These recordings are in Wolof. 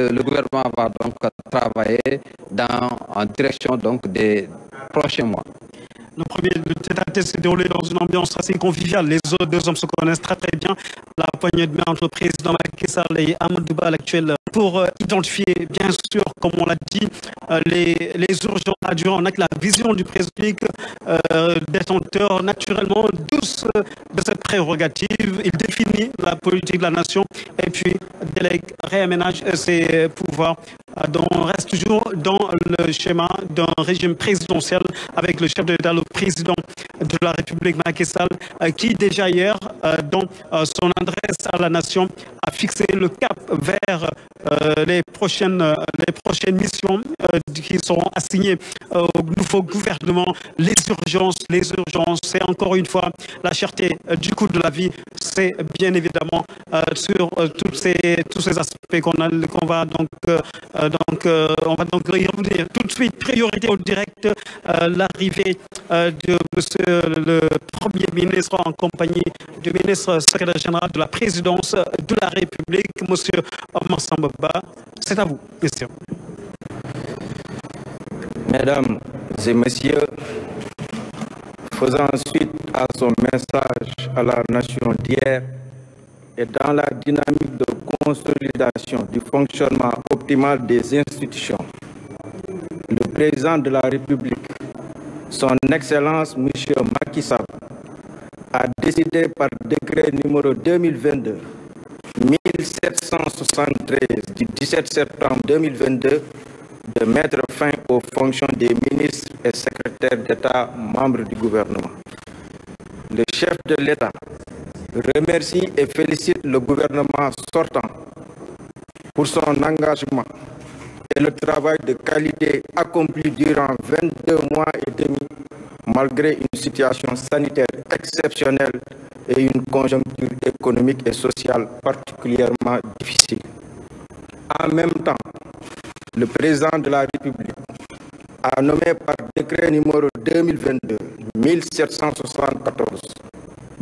Euh, le gouvernement va donc travailler dans, en direction donc des prochains mois. Le premier tête à tête s'est déroulé dans une ambiance assez conviviale. Les autres deux hommes se connaissent très très bien. La poignée de main entre le président Macky Sall et Amadou Ba, l'actuel, pour euh, identifier, bien sûr, comme on l'a dit, euh, les, les urgences adjurants, la vision du président, euh, naturellement de, euh, de cette prérogative. Il définit la politique de la nation et puis délègue, réaménage ses pouvoirs Euh, donc, on reste toujours dans le schéma d'un régime présidentiel avec le chef de l'État, le président de la République, Macky euh, qui déjà hier, euh, dans son adresse à la nation, a fixé le cap vers les prochaines, missions qui seront assignées au nouveau gouvernement. Les urgences, les urgences, c'est encore une fois la cherté du coût de la vie, c'est bien évidemment sur tous ces aspects qu'on va donc Euh, donc, euh, on va donc y revenir. Tout de suite, priorité au direct, euh, l'arrivée de monsieur le Premier ministre en compagnie du ministre secrétaire général de la présidence de la République, monsieur Omar Sambaba. C'est à vous, Mesdames et messieurs, faisant suite à son message à la nation d'hier, et dans la dynamique de consolidation du fonctionnement optimal des institutions, le président de la République, son Excellence M. Macky Sall, a décidé par décret numéro 2022 1773 du 17 septembre 2022 de mettre fin aux fonctions des ministres et secrétaires d'État membres gouvernement. remercie et félicite le gouvernement sortant pour son engagement le travail de qualité accompli durant 22 mois et demi, malgré une situation sanitaire exceptionnelle et une conjoncture économique et sociale particulièrement difficile. En même temps, le président de la République a nommé par décret numéro 2022 1774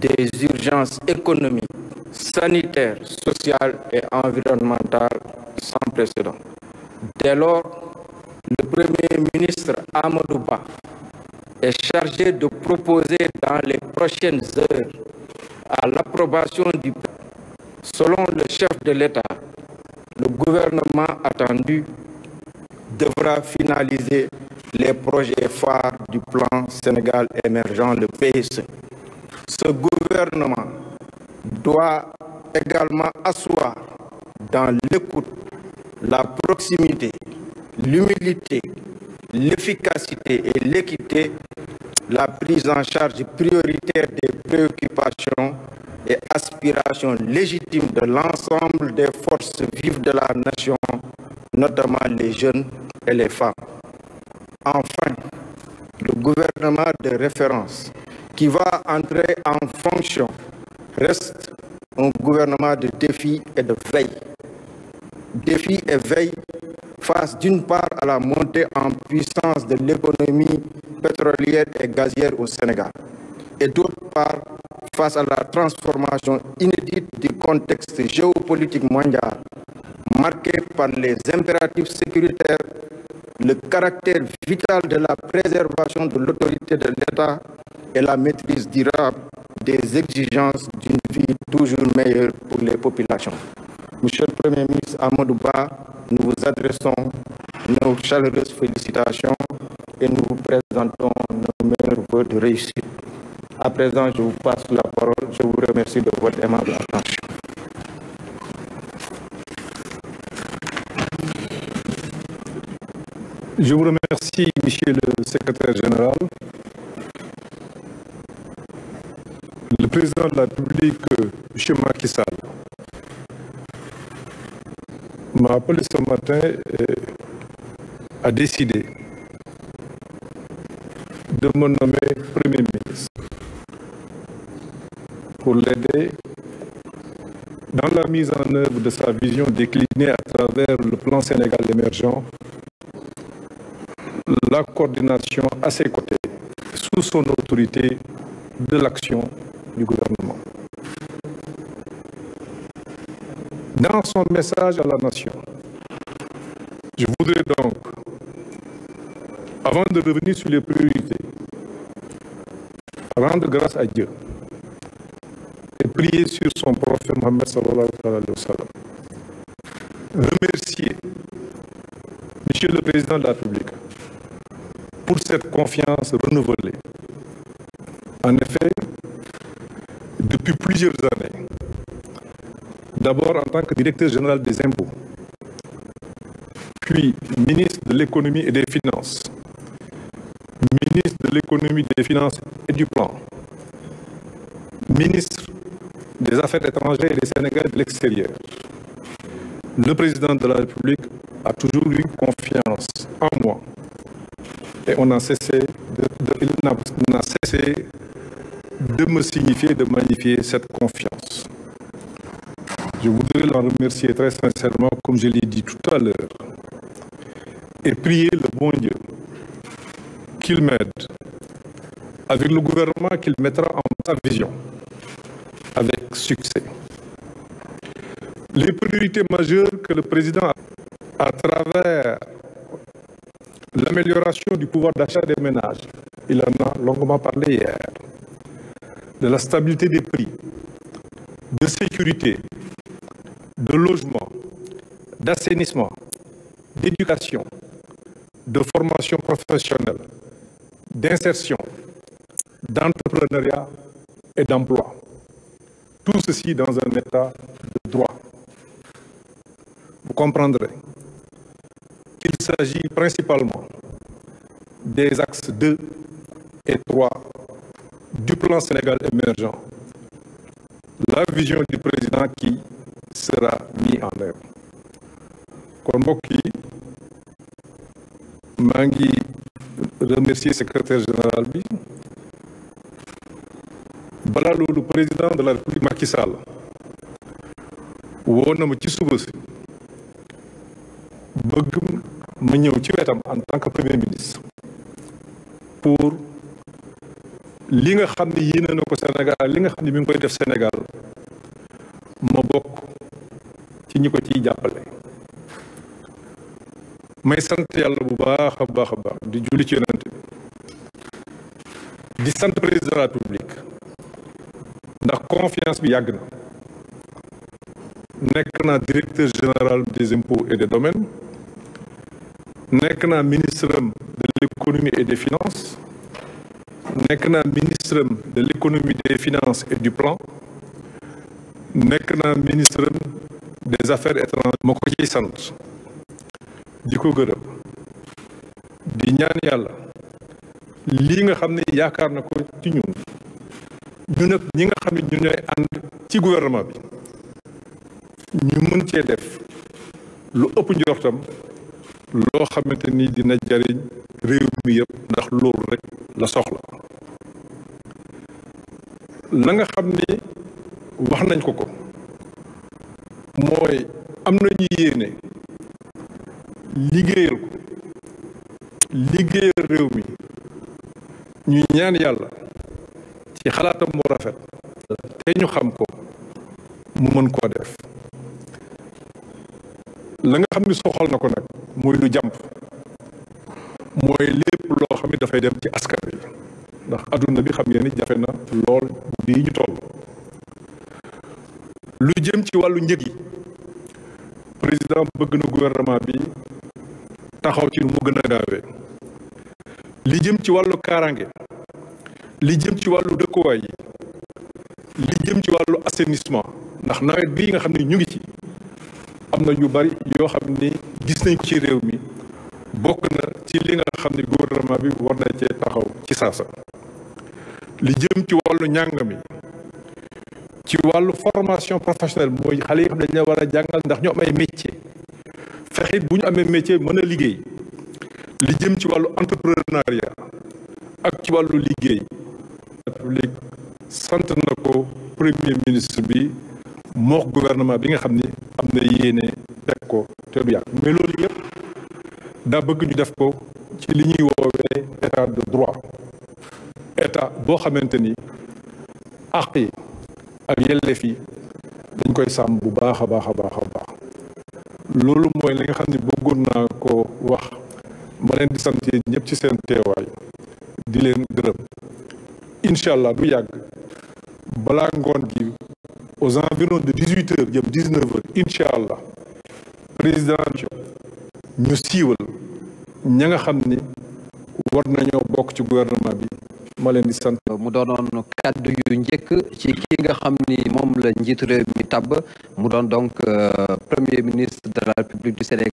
des urgences économiques, sanitaires, sociales et environnementales sans précédent. Dès lors, le Premier ministre Amadou Ba est chargé de proposer dans les prochaines heures à l'approbation du Selon le chef de l'État, le gouvernement attendu devra finaliser les projets phares du plan Sénégal émergent, le PSE. Ce gouvernement doit également asseoir dans l'écoute, la proximité, l'humilité, l'efficacité et l'équité la prise en charge prioritaire des préoccupations et aspirations légitimes de l'ensemble des forces vives de la nation, notamment les jeunes et les femmes. Enfin, le gouvernement de référence qui va entrer en fonction reste un gouvernement de défi et de veille. Défi et veille face d'une part à la montée en puissance de l'économie pétrolière et gazière au Sénégal et d'autre part face à la transformation inédite du contexte géopolitique mondial marqué par les impératifs sécuritaires, le caractère vital de la préservation de l'autorité de l'État et la maîtrise durable des exigences d'une vie toujours meilleure pour les populations. Monsieur le Premier ministre Amadou nous vous adressons nos chaleureuses félicitations et nous vous présentons nos meilleurs voeux de réussite. À présent, je vous passe la parole. Je vous remercie de votre aimable attention. Je vous remercie, Monsieur le Secrétaire général. le président de la République, euh, M. Macky ce matin a décidé de me nommer Premier ministre pour l'aider dans la mise en œuvre de sa vision déclinée à travers le plan Sénégal émergent, la coordination à ses côtés, sous son autorité, de l'action du gouvernement. Dans son message à la nation, je voudrais donc, avant de revenir sur les priorités, rendre grâce à Dieu et prier sur son prophète Mohammed sallallahu alayhi wa Remercier Monsieur le Président de la République pour cette confiance renouvelée. En effet, depuis plusieurs années. D'abord en tant que directeur général des impôts, puis ministre de l'économie et des finances, ministre de l'économie, des finances et du plan, ministre des Affaires étrangères et des Sénégal de l'extérieur. Le président de la République a toujours eu confiance en moi et on a cessé de me signifier, de magnifier cette confiance. Je voudrais l'en remercier très sincèrement, comme je l'ai dit tout à l'heure, et prier le bon Dieu qu'il m'aide, avec le gouvernement qu'il mettra en sa vision, avec succès. Les priorités majeures que le président à travers l'amélioration du pouvoir d'achat des ménages, il en a longuement parlé hier, de la stabilité des prix, de sécurité, de logement, d'assainissement, d'éducation, de formation professionnelle, d'insertion, d'entrepreneuriat et d'emploi. Tout ceci dans un état de droit. Vous comprendrez qu'il s'agit principalement des axes 2 et du plan Sénégal émergent, la vision du président qui sera mise en œuvre. kon mbokk yi maa ngi remercier secrétaire général bi balaa loolu président de la république Macky Sall ci suba si bëgg ma ñëw ci wetam en tant que premier ministre pour li nga xam ne yéene na ko Sénégal li nga xam ne mi ngi koy def Sénégal ma bokk ci ñi ko ci jàppale may sant yàlla bu baax a baax a baax di julli ci yonent di sant président de la République ndax confiance bi yàgg na nekk naa directeur général des impôts et des domaines nekk naa ministre de l'économie et des finances nekk naa ministre de l'économie des finances et du plan nekk naa ministre des affaires étrangères ma ko ciy sant di ko gërëm di ñaan yàlla lii nga xam ne yaakaar na ko ci ñun ñu nag ñi nga xam ne ñu ñooy ànd ci gouvernement bi ñu mën cee def lu ëpp njortam loo xamante ni dina jariñ réew mi yëpp ndax loolu rek la soxla la nga xam ni wax nañ ko ko mooy am nañu yéene liggéeyal ko liggéeyal réew mi ñuy ñaan yàlla ci xalaatam mu rafet te ñu xam ko mën koo def la nga xam ni soxal na ko nag mooy lu jàmp mooy lépp loo xam ni dafay dem ci askan bi ndax àdduna bi xam ngeen ni jafe na lool nii ñu toll lu jëm ci wàllu njëg yi président bëgg na gouvernement bi taxaw ci nu mu gën a gaawee li jëm ci wàllu kaaraange li jëm ci wàllu dëkkuwaay yi li jëm ci wàllu assainissement ndax nawet bii nga xam ne ñu ngi ci am na yu bari yoo xam ni gis nañ ci réew mi bokk na ci li nga xam ne gouvernement bi war na cee taxaw ci saasa li jëm ci wàllu njàng mi ci wàllu formation professionnelle mooy xale yi xam ne dañ leen war a jàngal ndax ñu am ay métier fexit bu ñu amee métier mën a liggéey li jëm ci wàllu entrepreneuriat ak ci wàllu liggéey sant na ko premier ministre bi moo gouvernement bi nga xam ni am na yéene teg ko te du yàgg mais loolu yëpp daa bëgg ñu def ko ci li ñuy woowee état de droit état boo xamante ni àq yi ak yelleef yi dañ koy sàmm bu baax a baax a baax a baax loolu mooy li nga xam ne bëggoon naa ko wax ma leen di sant yéen ñëpp ci seen teewaay di leen gërëm incha allah du yàgg balaa ngoon gi aux environs de dix huit heures jëm dix neuf allah président ñu siiwal ña nga xam ni war nañoo bokk ci gouvernement bi ma leen di sant. mu doonoon kaddu yu njëkk ci ki nga xam ni moom la njiitu réew mi tàbb mu doon donc euh, premier ministre de la République du Sénégal.